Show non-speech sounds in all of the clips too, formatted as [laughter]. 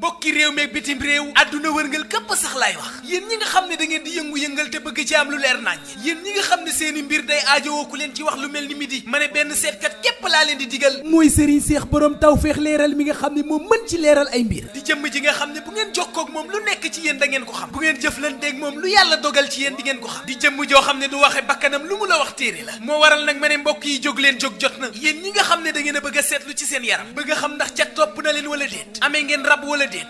mbokk bokki réew meeg bitim réew adduna wërngal këpp sax laay wax yéen ñi nga xam ne da ngeen di yëngu-yëngal te bëgg ci am lu leer nañ yéen ñi nga xam ne seeni mbir day aajowoo ku leen ci wax lu mel ni midi ma ne benn seetkat képp laa leen di digal mooy sëriñ seex borom tawfeex leeral mi nga xam ne moom mën ci leeral ay mbir di jëm ji nga xam ne bu ngeen jokkoo ak moom lu nekk ci yéen da ngeen ko xam bu ngeen jëflanteeg moom lu yàlla dogal ci yéen di ngeen ko xam di jëmm joo xam ne du waxe bakkanam lu mu la wax téere la moo waral nag ma ne mbokk yi jóg leen jóg jot na yéen ñi nga xam ne da ngeen a ci seen yaram bëgg xam ndax ca topp na wala déet amee ngeen rab wala déet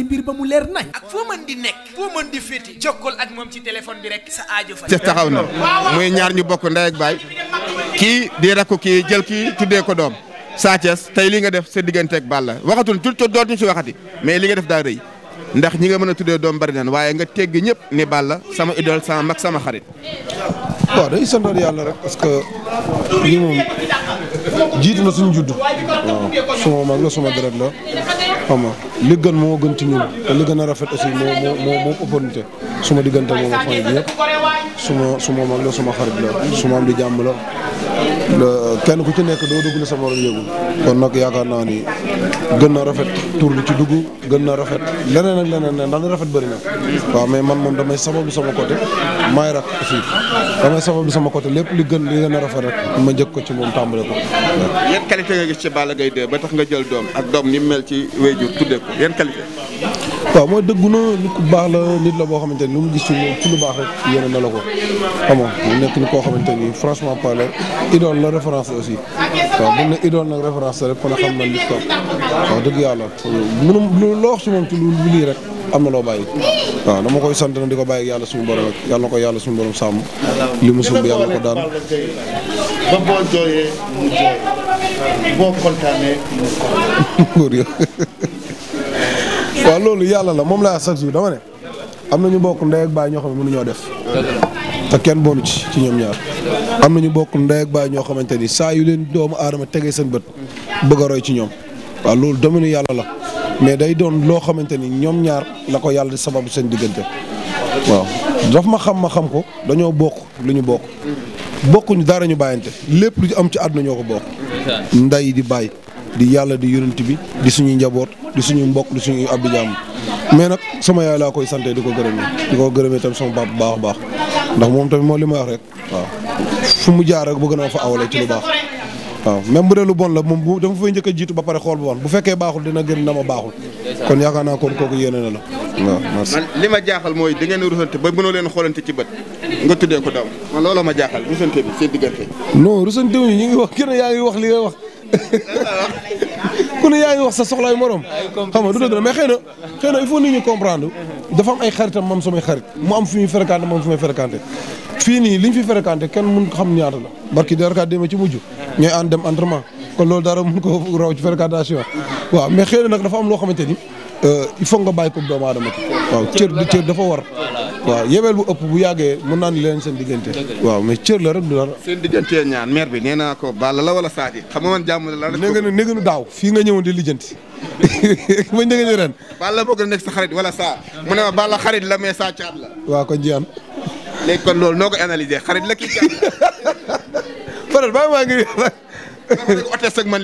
say mbir ba mu leer nañ ak ak moom ci téléphone bi rek sa aajo fa taxaw na muy ñaar ñu bokk ndey ak baay kii di rakku kii jël kii tuddee ko doom Sa Thiès tey li nga def sa diggante ak waxatu waxatul tu doot ñu si waxati mais li nga def daa rëy ndax ñi nga mën a tuddee doom bari nan waaye nga tegg ñëpp ni Balla sama idole sama mag sama xarit waaw day santoon parce que lii jiitu na suñu judd waaw suma mag la suma deret la xam nga li gën moo gën ci ñun te li gën a rafet aussi moo moo moo moom opportunité suma diggante moom ak famille bi yëpp su ma mag la suma xarit la suma am di jàmm la kenn ku ci nekk doo dugg li sa morom yëgul kon nag yaakaar naa ni gën na rafet tur bi ci dugg gën na rafet leneen ak leneen ne ndax rafet bëri na waaw mais man moom damay sabablu sama côté maay rak aussi damay sabablu sama côté lépp li gën li gën a rafet rek ma njëkk ko ci moom tàmbale ko. Gueye 2 ba tax nga jël doom ak doom ni mu mel ci wéyjur tuddee ko yan qualité. waaw mooy dëggu noo nit baax la nit la boo xamante ni lu mu gis ci ci lu baax rek yéene na la ko xam nga nekk ni koo xamante ni franchement parler idole la référence aussi waaw bu ne idole nag référence rek kon a xam na nit ko dëgg yàlla mënum loo wax ci moom ci lu lii rek am na loo bàyyi waaw dama koy sant na di ko bàyyi yàlla suñu borom rek yàlla ko yàlla suñu borom sàmm li mu sumb yàlla ko daan ba boo jooyee mu jooy boo kontaanee mu kontaan. waaw loolu yàlla la moom laa sax si dama ne am na ñu bokk ndey ak ñoo xam ne mënuñoo def. kenn boonu ci ci ñoom ñaar am na ñu bokk ndey ñoo xamante ni saa yu leen doomu aadama tegee seen bët bëgg ci ñoom waaw loolu yàlla la mais day doon loo xamante ni ñoom ñaar la ko yàlla di sababu seen diggante waaw daf ma xam ma xam ko dañoo bokk lu ñu bokk. bokkuñu dara ñu bàyyante lépp lu am ci àdduna ñoo ko bokk. nday di bàyyi di yàlla di yonent bi di suñuy njaboot di suñuy mbokk di suñuy abdi jàmm mais nag sama yaay laa koy sante di ko gërëmee di ko gërëmee tam sama baab bu baax a baax ndax moom tamit moo li ma wax rek waaw fu mu jaar rek bëgg naa fa awale ci lu baax. waaw même bu dee lu bon la moom bu dama fay njëkk a jiitu ba pare xool bu bon bu fekkee baaxul dina gën dama baaxul kon yaakaar naa kon kooku yéene na la. waaw merci li ma jaaxal mooy da ngeen rusante ba mënoo leen xoolante ci bët nga tuddee ko daw man looloo ma jaaxal rusante bi seen diggante. non rusante bi ñu ngi wax yaa ngi wax li ngay wax. [laughs] ku ne yaa ngi wax sa soxlaay morom xam nga du dëgg la mais xëy na xëy na il faut nit ñi comprendre dafa am ay xaritam mam samay xarit mu am fi muy fréquenté moom fi may fréquenté fii nii liñ fi fréquenté kenn mun ko xam ñaata la barki darakaat déma ci mujj ñooy ànd dem entraînement kon loolu dara mun ko raw ci fréquentation waaw mais xëy na nag dafa am loo xamante ni euh, il faut nga bàyyi ko doomu aadama ki waaw cër di cër dafa war waaw yebeel bu ëpp bu yàggee mën naa leen seen diggante waaw mais cër la rek du dara seen diggante ñaan bi nee naa ko Balla la wala Sadio xam nga man jàmm la rek nee nga nga nu daaw fii nga ñëwoon di lijjanti ma nga ñu ren Balla bëgg na nekk sa xarit wala sa mu ma Balla xarit la mais sa caat la waaw kon jiyaan léegi kon loolu noo ko analyser xarit la kii la faral [laughs] bàyyi maa ma.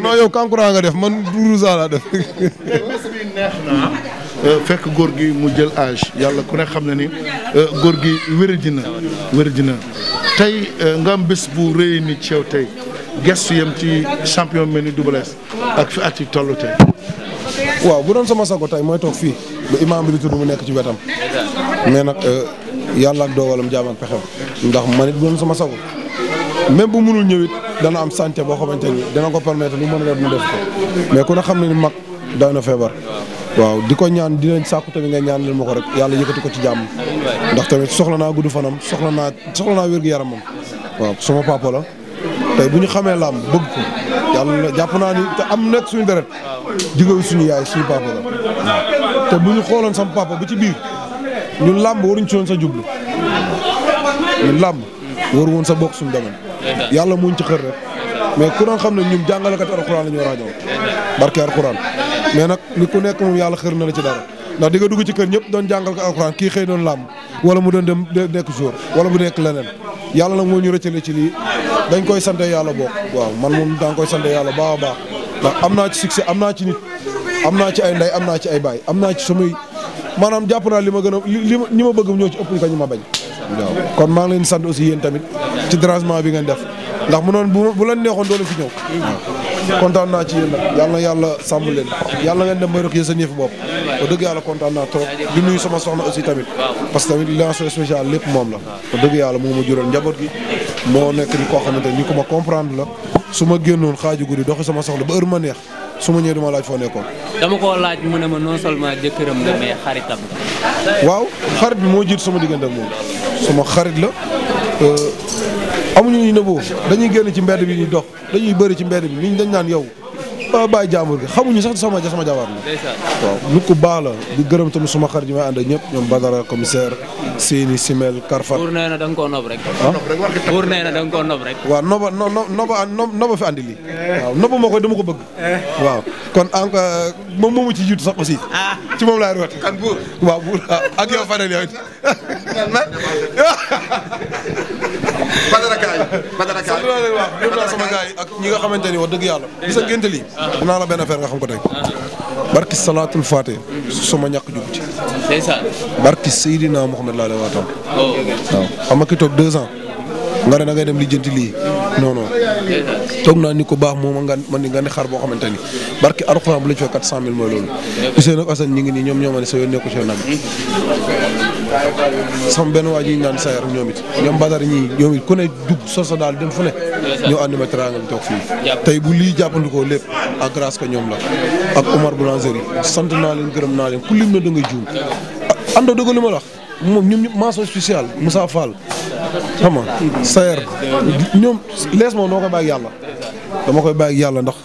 non yow kankuraa nga def man duuru saa laa def. [laughs] bés bi neex euh, fekk góor gi mu jël âge yàlla ku ne xam na ni euh, góor gi wéradi na tey euh, nga am bés bu rëy ni ceew tey gestu yam ci champion mel ni du Less ak fi at yi tey. waaw bu doon sama sago tey mooy toog fii ba imaam bi di tudd mu nekk ci wetam mais nag yàlla ak doogalam jaam ak ndax man it bu doon sama sago même bu munul ñëwit dana am santé boo xamante ni dana ko permettre lu mën a def mu def ko mais ku ne xam ne ni mag doy feebar. waaw di ko ñaan di leen sàkku tamit nga ñaan leen ma ko rek yàlla yëkkati ko ci jàmm. ndax tamit soxla naa gudd fanam soxla naa soxla naa wér gu yaramam. waaw suma papa la tey bu ñu xamee làmb bëgg ko yàlla jàpp naa ni te am nekk suñu deret jigéen suñu yaay suñu papa la te bu ñu xooloon sama papa ba ci biir ñun làmb waruñ ci woon sa jublu ñun làmb waru woon sa bokk suñu domaine yàlla muñ ci xër rek mais ku doon xam ne ñun jàngalekat alxuraan la ñu war a doon barke alxuraan mais nag li ku nekk moom yàlla xër na la ci dara ndax di nga dugg ci kër ñëpp doon jàngal ko alxuraan kii xëy doon làmb wala mu doon dem nekk jour wala mu nekk leneen yàlla nag moo ñu rëccale ci lii dañ koy sante yàlla bokk waaw man mu danga koy sante yàlla baax a baax ndax am naa ci succès am naa ci nit am naa ci ay ndey am naa ci ay baay am naa ci samay maanaam jàpp naa li ma gën a li ma ñi ma bëgg ñoo ci ëpp ñu ma bañ waaw kon maa ngi leen sant aussi yéen tamit ci dérangement bi ngeen def ndax mu noon bu leen neexoon doo leen fi ñëw kontaan naa ci yéen nag yàlla yàlla sàmm leen yàlla ngeen dem bay rek yéen seen yëfu dëgg yàlla kontaan naa trop di soxna aussi tamit parce que tamit relation spéciale lépp moom la ba dëgg yàlla moo ma jural njaboot gi moo nekk ni koo xamante ni ko ma comprendre la su ma génnoon xaaju guddi doxi sama soxla ba ma neex su ma ñëwee duma laaj foo nekkoon. dama koo laaj mu ne ma non seulement jëkkëram la mais xaritam waaw xarit bi moo jiitu sama diggante ak moom. suma xarit la euh, amuñu na nëbboo dañuy génn ci mbedd bi di dox dañuy bëri ci mbedd bi nit ñi dañ naan yow ba bàyyi jàmbur gi xamuñu sax sama sama jabar la waaw nit ku baax la di gërëm tamit suma xarit yi may ànd ak ñëpp ñoom Badara commissaire Seyni Simel Karfat buur nee na da koo nob rek a nee na da nga koo nob rek waaw noba noba noba fi andi a waaw noba moo koy dama ko bëgg waaw kon encore euh, moom moomu ci jiitu sax aussi ah. ci moom laay root kan buur waaw buur ak yow Fadel yow man man. Badara yi ak ñi nga xamante ni wax dëgg yàlla. gis nga ngénte lii. dinaa xam ko tey. barki salaatul faate. sama ñàkk jóg ci. ndeysaan. barki Seydina Mouhamed laa lay waatam. Oh. waaw xam deux ans. nga ne da ngay dem lijjanti lii non non naa ni ko baax moom nga man ni nga ne xar boo xamante ni barki alxuraan bu la ci 400000 mooy loolu. Ousseynou ngi nii ñoom ñoo ma ne benn waa ji ñu naan ñoom it ñoom Badara ñii ñoom it ku ne dugg soso daal dem fu ne. ma teraanga bi toog tey bu lii jàppandikoo lépp à grâce que ñoom la ak Omar Boulangerie sant naa leen gërëm naa leen ku lim na da nga juum. àndoo dëgg li wax moom ñoom ñëpp mention spéciale Moussa xam nga sayer ñoom lees moom dama koy bàyyi yàlla dama koy bàyyi yàlla ndax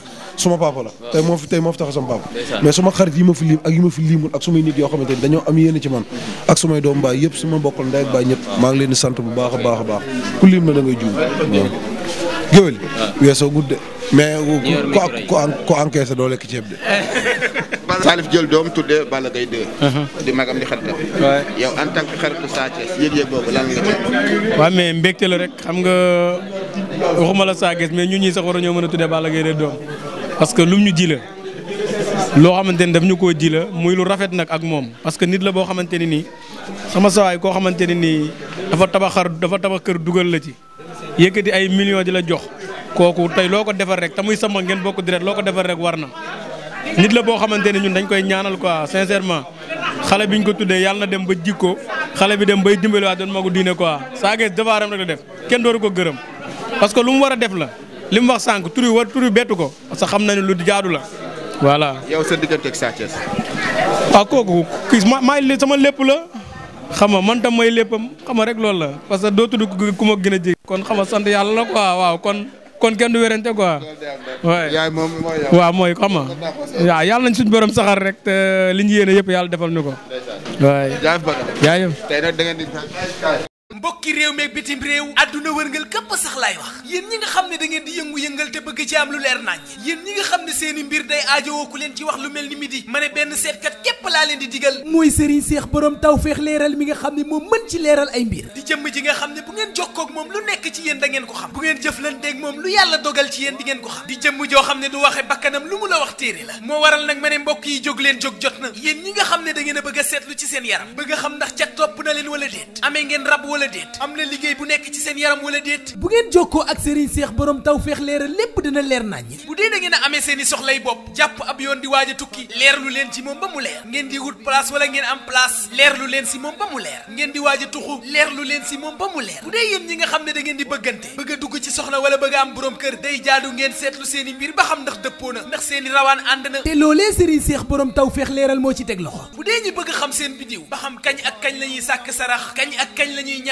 suma papa la tey moo fi tey moo fi tax sama papa mais suma xarit yi ma fi lim ak yi ma fi limul ak sumay nit yoo xamante ni dañoo am yéene ci man ak sumay doom baay yëpp suma bokkal ndey ak baay ñëpp maa ngi leen di sant bu baax baax a baax ku lim na da ngay juum géwél weesoo gudde mais ko ko encaissé doo lekk ceeb de [laughs] Salif jël doom tuddee Balla Gaye 2. Mhm. di magam di xaritam. waay yow en tant que Sa Thiès yëg-yëg mais mbégte la rek xam nga waxuma la Sa Thiès mais ñun ñii sax war ñoo mën a tuddee Balla Gaye 2 doom parce que lum ñu ji loo xamante ni daf ñu koo ji la lu rafet nag ak moom parce que nit la boo xamante ne nii sama sawaay koo xamante ne nii dafa tabax xar dafa tabax kër dugal la ci yëkkati ay million di la jox kooku tey loo ko defar rek te muy sama ngeen bokk direct loo ko defar rek war na nit la boo xamante ne ñun dañ koy ñaanal quoi sincèrement xale bi ñu ko tuddee yàlla na dem ba jikko xale bi dem bay dimbaliwaat doon magu diine quoi Sa Thiès defaram rek la def kenn dooru ko gërëm parce que lu mu war a def la li mu wax sànq turi war turi bettu ko parce que xam nañu lu jaadu la voilà. yow sa diggante ak Sa Thiès. waaw ah, kooku kii ma sama lépp la xam nga man tam may léppam xam nga rek loolu la parce que doo tudd ku ma gën a jege kon xam nga sant yàlla la quoi waaw kon. kon kenn du wérante quoi. yaay moom mooy yow waaw mooy xam nga waaw yàlla nañ suñu borom saxar rek te li ñu yéene yëpp yàlla defal ñu ko. waay jaajëf mbokki réew meeg bitim réew àdduna wërngal képp sax laay wax yéen ñi nga xam ne da ngeen di yëngu-yëngal te bëgg ci am lu leer nañ yéen ñi nga xam ne seeni mbir day aajowoo leen ci wax lu mel ni midi ma ne benn seetkat képp laa leen di digal mooy sëriñ seex borom tawfeex leeral mi nga xam ne moom mën ci leeral ay mbir di jëmm ji nga xam ne ngeen jokkoo ak moom lu nekk ci yéen da ngeen ko xam bu ngeen jëflanteeg moom lu yéen di ngeen ko xam di joo xam ne du waxe bakkanam lu mu la wax téere la moo waral nag ma ne mbokk yi jóg leen jóg jot na yéen ñi nga xam ne da ngeen a bëgg seetlu ci seen yaram bëgg xam ndax ca topp na leen wala déet amee ngeen rab wala wala déet am na liggéey bu nekk ci seen yaram wala déet bu ngeen jokkoo ak Serigne Seex borom taw feex leeral lépp dina leer naññ bu dee da ngeen amee seen i soxlay bopp jàpp ab yoon di waaj a tukki leer leen ci moom ba mu leer ngeen di wut place wala ngeen am place leer leen si moom ba mu leer ngeen di waaj tuxu leer leen si moom ba mu leer bu dee yéen ñi nga xam ne da di bëggante bëgg dugg ci soxna wala bëgg am borom kër day jaadu